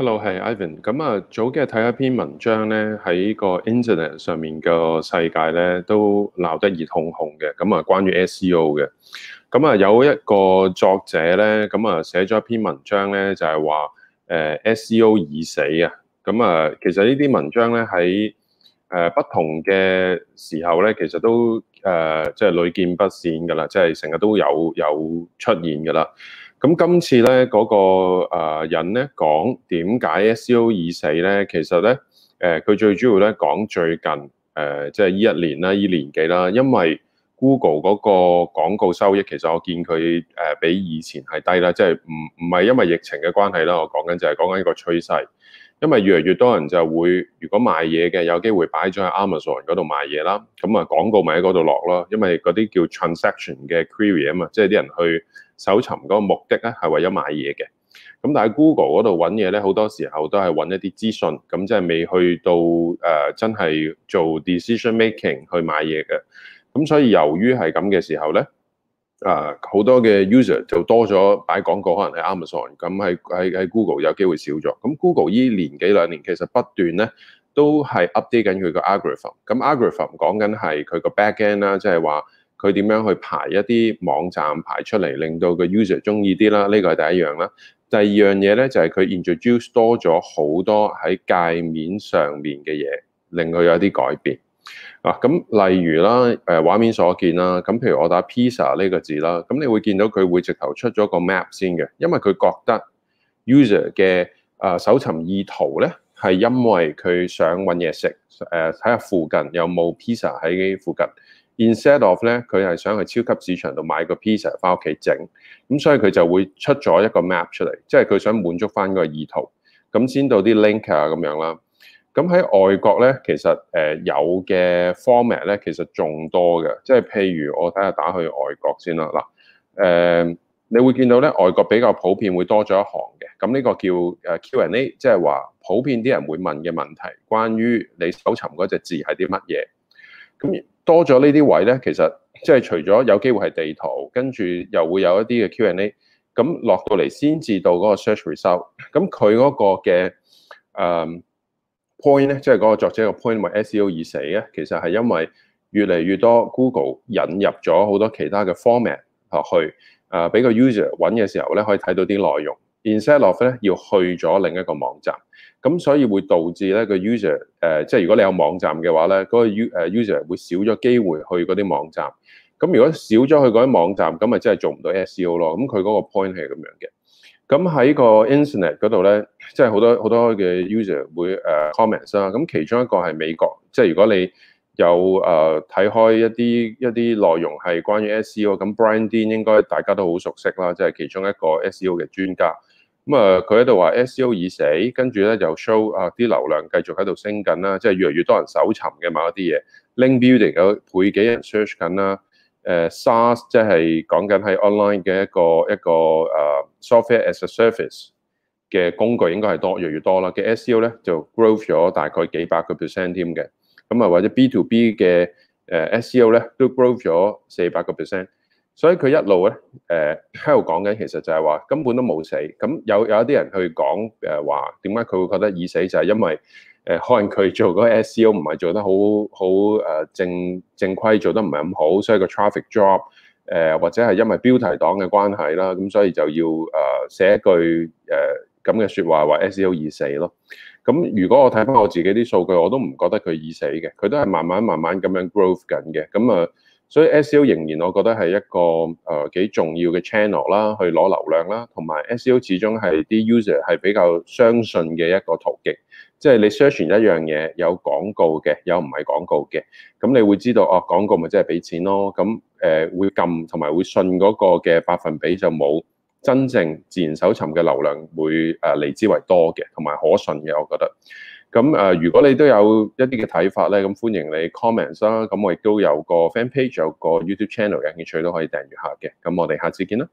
hello，係 Ivan。咁啊，早幾日睇一篇文章咧，喺個 Internet 上面個世界咧都鬧得熱烘烘嘅。咁啊，關於 SEO 嘅。咁啊，有一個作者咧，咁啊，寫咗一篇文章咧，就係話誒，SEO 已死啊。咁啊，其實呢啲文章咧喺誒不同嘅時候咧，其實都誒即係屢見不鮮噶啦，即係成日都有有出現噶啦。咁今次咧嗰個誒人咧講點解 SEO 已死咧？其實咧誒佢最主要咧講最近誒即係呢一年啦、呢年幾啦，因為 Google 嗰個廣告收益其實我見佢誒比以前係低啦，即係唔唔係因為疫情嘅關係啦，我講緊就係講緊一個趨勢。因為越嚟越多人就會，如果買嘢嘅有機會擺咗喺 Amazon 嗰度買嘢啦，咁啊廣告咪喺嗰度落咯。因為嗰啲叫 transaction 嘅 query 啊嘛，即係啲人去搜尋嗰個目的咧係為咗買嘢嘅。咁但係 Google 嗰度揾嘢咧，好多時候都係揾一啲資訊，咁即係未去到誒、呃、真係做 decision making 去買嘢嘅。咁所以由於係咁嘅時候咧。啊，好、uh, 多嘅 user 就多咗，擺廣告可能喺 Amazon，咁喺喺喺 Google 有機會少咗。咁 Google 依年幾兩年其實不斷咧，都係 update 緊佢個 algorithm 咁 algorithm 講緊係佢個 backend 啦，即係話佢點樣去排一啲網站排出嚟，令到個 user 中意啲啦。呢個係第一樣啦。第二樣嘢咧就係、是、佢 introduce 多咗好多喺界面上面嘅嘢，令佢有一啲改變。嗱咁、啊嗯，例如啦，誒、呃、畫面所見啦，咁、嗯、譬如我打 pizza 呢個字啦，咁、嗯、你會見到佢會直頭出咗個 map 先嘅，因為佢覺得 user 嘅誒、呃、搜尋意圖咧係因為佢想搵嘢食，誒睇下附近有冇 pizza 喺附近。Instead of 咧，佢係想去超級市場度買個 pizza 翻屋企整，咁、嗯、所以佢就會出咗一個 map 出嚟，即係佢想滿足翻嗰個意圖，咁、嗯、先到啲 link 啊、er、咁樣啦。咁喺外國咧，其實誒有嘅 format 咧，其實仲多嘅，即係譬如我睇下打去外國先啦。嗱，誒，你會見到咧，外國比較普遍會多咗一行嘅。咁呢個叫誒 Q&A，即係話普遍啲人會問嘅問題，關於你搜尋嗰隻字係啲乜嘢。咁多咗呢啲位咧，其實即係除咗有機會係地圖，跟住又會有一啲嘅 Q&A。咁落到嚟先至到嗰個 search result 那那個。咁佢嗰個嘅誒。point 咧，即係嗰個作者個 point，因為 SEO 已死咧，其實係因為越嚟越多 Google 引入咗好多其他嘅 format 落去，誒、呃、俾個 user 揾嘅時候咧，可以睇到啲內容。Instead of 咧，要去咗另一個網站，咁所以會導致咧個 user 誒、呃，即係如果你有網站嘅話咧，嗰、嗰個 user 會少咗機會去嗰啲網站。咁如果少咗去嗰啲網站，咁咪真係做唔到 SEO 咯。咁佢嗰個 point 係咁樣嘅。咁喺個 Internet 嗰度咧，即係好多好多嘅 user 會誒 comments 啦。咁其中一個係美國，即係如果你有誒睇開一啲一啲內容係關於 SEO，咁 Brian Dean 應該大家都好熟悉啦，即係其中一個 SEO 嘅專家。咁啊，佢喺度話 SEO 已死，跟住咧就 show 啊啲流量繼續喺度升緊啦，即係越嚟越多人搜尋嘅某一啲嘢，Link Building 有背景 search 緊啦。誒 SaaS 即係講緊係 online 嘅一個一個誒 software as a service 嘅工具應該係多越嚟越多啦。嘅 SEO 咧就 growth 咗大概幾百個 percent 添嘅，咁啊或者 B to B 嘅誒 SEO 咧都 growth 咗四百個 percent，所以佢一路咧誒喺度講緊其實就係話根本都冇死。咁有有一啲人去講誒話點解佢會覺得已死就係因為。可能佢做嗰個 SEO 唔係做得好好誒正正規做得唔係咁好，所以個 traffic drop 誒、呃、或者係因為標題黨嘅關係啦，咁所以就要誒寫一句誒咁嘅説話話 SEO 已死咯。咁如果我睇返我自己啲數據，我都唔覺得佢已死嘅，佢都係慢慢慢慢咁樣 growth 緊嘅。咁啊，所以 SEO 仍然我覺得係一個誒幾、呃、重要嘅 channel 啦，去攞流量啦，同埋 SEO 始終係啲 user 係比較相信嘅一個途徑。即係你 search 完一樣嘢，有廣告嘅，有唔係廣告嘅，咁你會知道哦、啊、廣告咪即係俾錢咯，咁誒、呃、會撳同埋會信嗰個嘅百分比就冇真正自然搜尋嘅流量會誒嚟之為多嘅，同埋可信嘅，我覺得。咁誒、呃、如果你都有一啲嘅睇法咧，咁歡迎你 comments 啦。咁我亦都有個 fan page，有個 YouTube channel，有興趣都可以訂閱下嘅。咁我哋下次見啦。